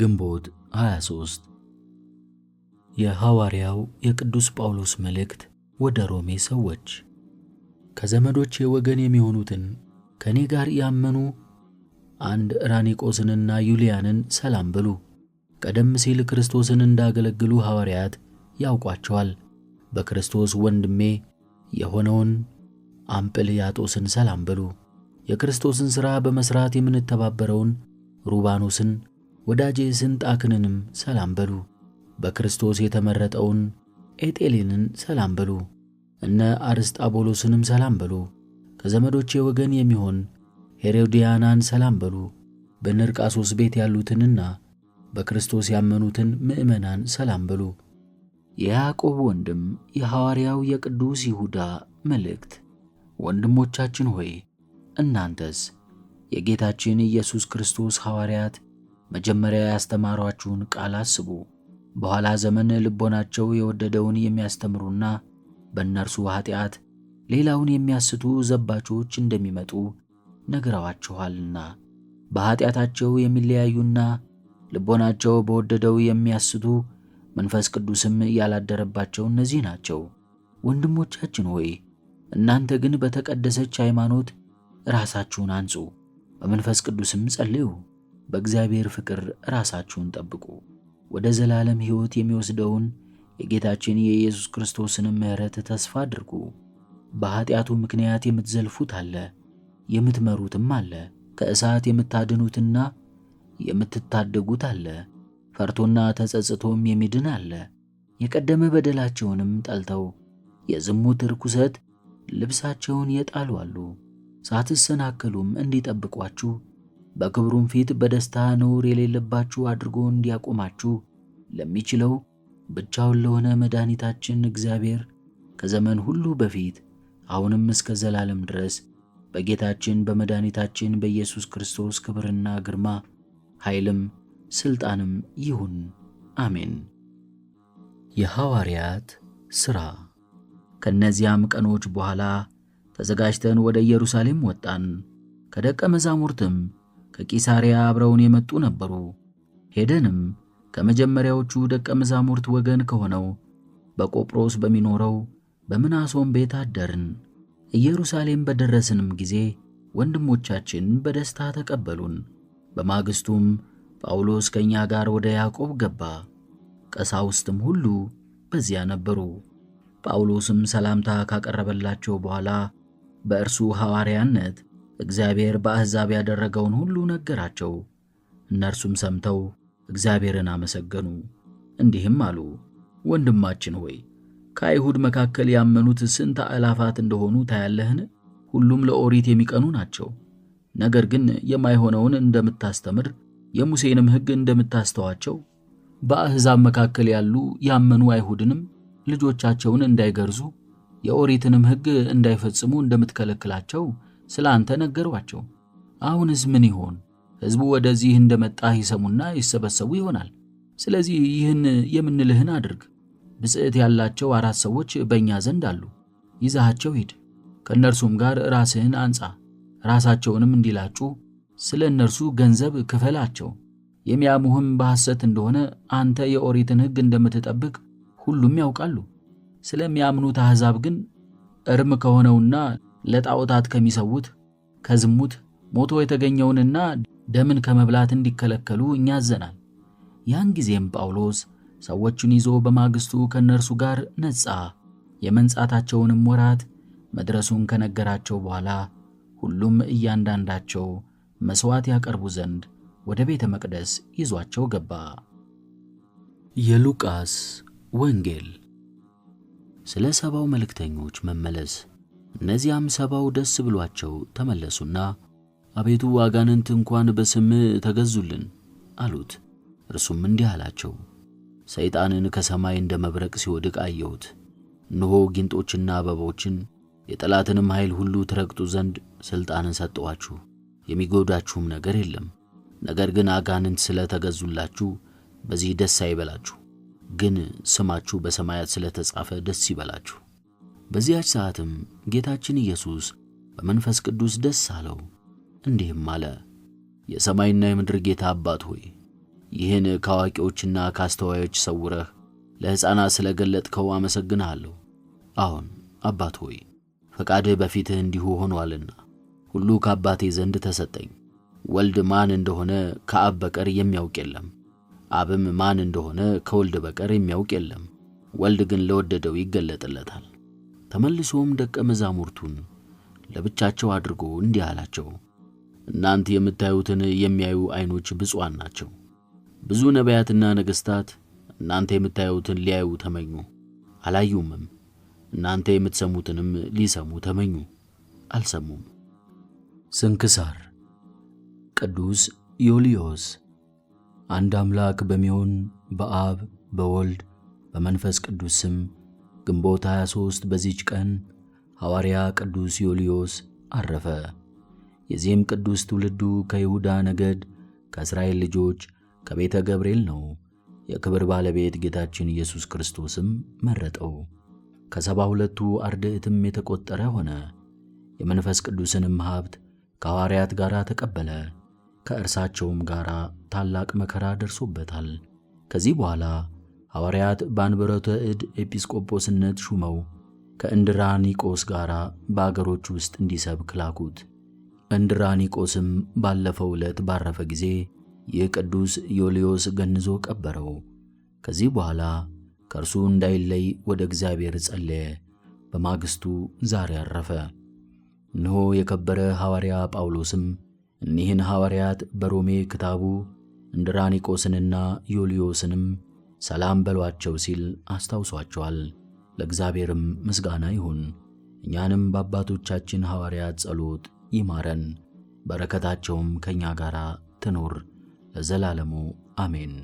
ግንቦት 23 የሐዋርያው የቅዱስ ጳውሎስ መልእክት ወደ ሮሜ ሰዎች። ከዘመዶቼ ወገን የሚሆኑትን ከእኔ ጋር ያመኑ አንድ ራኒቆስንና ዩልያንን ሰላም ብሉ። ቀደም ሲል ክርስቶስን እንዳገለግሉ ሐዋርያት ያውቋቸዋል። በክርስቶስ ወንድሜ የሆነውን አምጵልያጦስን ሰላም ብሉ። የክርስቶስን ሥራ በመሥራት የምንተባበረውን ሩባኖስን ወዳጄ ስንጣክንንም ሰላም በሉ። በክርስቶስ የተመረጠውን ኤጤሌንን ሰላም በሉ። እነ አርስጣቦሎስንም ሰላም በሉ። ከዘመዶቼ ወገን የሚሆን ሄሮዲያናን ሰላም በሉ። በነርቃሶስ ቤት ያሉትንና በክርስቶስ ያመኑትን ምእመናን ሰላም በሉ። የያዕቆብ ወንድም የሐዋርያው የቅዱስ ይሁዳ መልእክት። ወንድሞቻችን ሆይ እናንተስ የጌታችን ኢየሱስ ክርስቶስ ሐዋርያት መጀመሪያ ያስተማሯችሁን ቃል አስቡ። በኋላ ዘመን ልቦናቸው የወደደውን የሚያስተምሩና በእነርሱ ኃጢአት ሌላውን የሚያስቱ ዘባቾች እንደሚመጡ ነግረዋችኋልና በኃጢአታቸው የሚለያዩና ልቦናቸው በወደደው የሚያስቱ መንፈስ ቅዱስም ያላደረባቸው እነዚህ ናቸው። ወንድሞቻችን ሆይ እናንተ ግን በተቀደሰች ሃይማኖት ራሳችሁን አንጹ፣ በመንፈስ ቅዱስም ጸልዩ። በእግዚአብሔር ፍቅር ራሳችሁን ጠብቁ። ወደ ዘላለም ሕይወት የሚወስደውን የጌታችን የኢየሱስ ክርስቶስን ምሕረት ተስፋ አድርጉ። በኀጢአቱ ምክንያት የምትዘልፉት አለ፣ የምትመሩትም አለ። ከእሳት የምታድኑትና የምትታደጉት አለ። ፈርቶና ተጸጽቶም የሚድን አለ። የቀደመ በደላቸውንም ጠልተው የዝሙት ርኩሰት ልብሳቸውን የጣሉ አሉ። ሳትሰናከሉም እንዲጠብቋችሁ በክብሩም ፊት በደስታ ነውር የሌለባችሁ አድርጎ እንዲያቆማችሁ ለሚችለው ብቻውን ለሆነ መድኃኒታችን እግዚአብሔር ከዘመን ሁሉ በፊት አሁንም እስከ ዘላለም ድረስ በጌታችን በመድኃኒታችን በኢየሱስ ክርስቶስ ክብርና ግርማ ኃይልም ሥልጣንም ይሁን፣ አሜን። የሐዋርያት ሥራ። ከእነዚያም ቀኖች በኋላ ተዘጋጅተን ወደ ኢየሩሳሌም ወጣን። ከደቀ መዛሙርትም ከቂሳሪያ አብረውን የመጡ ነበሩ። ሄደንም ከመጀመሪያዎቹ ደቀ መዛሙርት ወገን ከሆነው በቆጵሮስ በሚኖረው በምናሶን ቤት አደርን። ኢየሩሳሌም በደረስንም ጊዜ ወንድሞቻችን በደስታ ተቀበሉን። በማግስቱም ጳውሎስ ከእኛ ጋር ወደ ያዕቆብ ገባ። ቀሳውስትም ሁሉ በዚያ ነበሩ። ጳውሎስም ሰላምታ ካቀረበላቸው በኋላ በእርሱ ሐዋርያነት እግዚአብሔር በአሕዛብ ያደረገውን ሁሉ ነገራቸው። እነርሱም ሰምተው እግዚአብሔርን አመሰገኑ፣ እንዲህም አሉ፣ ወንድማችን ሆይ ከአይሁድ መካከል ያመኑት ስንት አእላፋት እንደሆኑ ታያለህን? ሁሉም ለኦሪት የሚቀኑ ናቸው። ነገር ግን የማይሆነውን እንደምታስተምር የሙሴንም ሕግ እንደምታስተዋቸው በአሕዛብ መካከል ያሉ ያመኑ አይሁድንም ልጆቻቸውን እንዳይገርዙ የኦሪትንም ሕግ እንዳይፈጽሙ እንደምትከለክላቸው ስለ አንተ ነገሯቸው። አሁንስ ምን ይሆን? ሕዝቡ ወደዚህ እንደመጣህ ይሰሙና ይሰበሰቡ ይሆናል። ስለዚህ ይህን የምንልህን አድርግ። ብጽዕት ያላቸው አራት ሰዎች በእኛ ዘንድ አሉ። ይዛሃቸው ሂድ፣ ከእነርሱም ጋር ራስህን አንጻ። ራሳቸውንም እንዲላጩ ስለ እነርሱ ገንዘብ ክፈላቸው። የሚያሙህም በሐሰት እንደሆነ አንተ የኦሪትን ሕግ እንደምትጠብቅ ሁሉም ያውቃሉ። ስለሚያምኑት አሕዛብ ግን እርም ከሆነውና ለጣዖታት ከሚሰውት ከዝሙት ሞቶ የተገኘውንና ደምን ከመብላት እንዲከለከሉ እኛዘናል። ያን ጊዜም ጳውሎስ ሰዎቹን ይዞ በማግስቱ ከእነርሱ ጋር ነጻ፣ የመንጻታቸውንም ወራት መድረሱን ከነገራቸው በኋላ ሁሉም እያንዳንዳቸው መሥዋዕት ያቀርቡ ዘንድ ወደ ቤተ መቅደስ ይዟቸው ገባ። የሉቃስ ወንጌል ስለ ሰባው መልእክተኞች መመለስ እነዚያም ሰባው ደስ ብሏቸው ተመለሱና አቤቱ አጋንንት እንኳን በስምህ ተገዙልን አሉት። እርሱም እንዲህ አላቸው፣ ሰይጣንን ከሰማይ እንደ መብረቅ ሲወድቅ አየሁት። እነሆ ጊንጦችና አበቦችን የጠላትንም ኃይል ሁሉ ትረግጡ ዘንድ ሥልጣንን ሰጠኋችሁ፣ የሚጎዳችሁም ነገር የለም። ነገር ግን አጋንንት ስለ ተገዙላችሁ በዚህ ደስ አይበላችሁ፣ ግን ስማችሁ በሰማያት ስለ ተጻፈ ደስ ይበላችሁ። በዚያች ሰዓትም ጌታችን ኢየሱስ በመንፈስ ቅዱስ ደስ አለው፣ እንዲህም አለ። የሰማይና የምድር ጌታ አባት ሆይ ይህን ከአዋቂዎችና ከአስተዋዮች ሰውረህ ለሕፃናት ስለ ገለጥከው አመሰግንሃለሁ። አሁን አባት ሆይ ፈቃድህ በፊትህ እንዲሁ ሆኗልና ሁሉ ከአባቴ ዘንድ ተሰጠኝ። ወልድ ማን እንደሆነ ከአብ በቀር የሚያውቅ የለም፣ አብም ማን እንደሆነ ከወልድ በቀር የሚያውቅ የለም። ወልድ ግን ለወደደው ይገለጥለታል። ተመልሶም ደቀ መዛሙርቱን ለብቻቸው አድርጎ እንዲህ አላቸው፣ እናንተ የምታዩትን የሚያዩ ዐይኖች ብፁዓን ናቸው። ብዙ ነቢያትና ነገሥታት እናንተ የምታዩትን ሊያዩ ተመኙ፣ አላዩምም። እናንተ የምትሰሙትንም ሊሰሙ ተመኙ፣ አልሰሙም። ስንክሳር ቅዱስ ዮልዮስ። አንድ አምላክ በሚሆን በአብ በወልድ በመንፈስ ቅዱስ ስም ግንቦት 23 በዚች ቀን ሐዋርያ ቅዱስ ዮልዮስ አረፈ። የዚህም ቅዱስ ትውልዱ ከይሁዳ ነገድ ከእስራኤል ልጆች ከቤተ ገብርኤል ነው። የክብር ባለቤት ጌታችን ኢየሱስ ክርስቶስም መረጠው። ከሰባ ሁለቱ አርድእትም የተቆጠረ ሆነ። የመንፈስ ቅዱስንም ሀብት ከሐዋርያት ጋር ተቀበለ። ከእርሳቸውም ጋር ታላቅ መከራ ደርሶበታል። ከዚህ በኋላ ሐዋርያት ባንበረተ እድ ኤጲስቆጶስነት ሹመው ከእንድራኒቆስ ጋር በአገሮች ውስጥ እንዲሰብክ ላኩት። እንድራኒቆስም ባለፈው ዕለት ባረፈ ጊዜ ይህ ቅዱስ ዮልዮስ ገንዞ ቀበረው። ከዚህ በኋላ ከእርሱ እንዳይለይ ወደ እግዚአብሔር ጸለየ። በማግስቱ ዛሬ አረፈ። እንሆ የከበረ ሐዋርያ ጳውሎስም እኒህን ሐዋርያት በሮሜ ክታቡ እንድራኒቆስንና ዮልዮስንም ሰላም በሏቸው ሲል አስታውሷቸዋል። ለእግዚአብሔርም ምስጋና ይሁን። እኛንም በአባቶቻችን ሐዋርያት ጸሎት ይማረን፣ በረከታቸውም ከእኛ ጋር ትኑር ለዘላለሙ አሜን።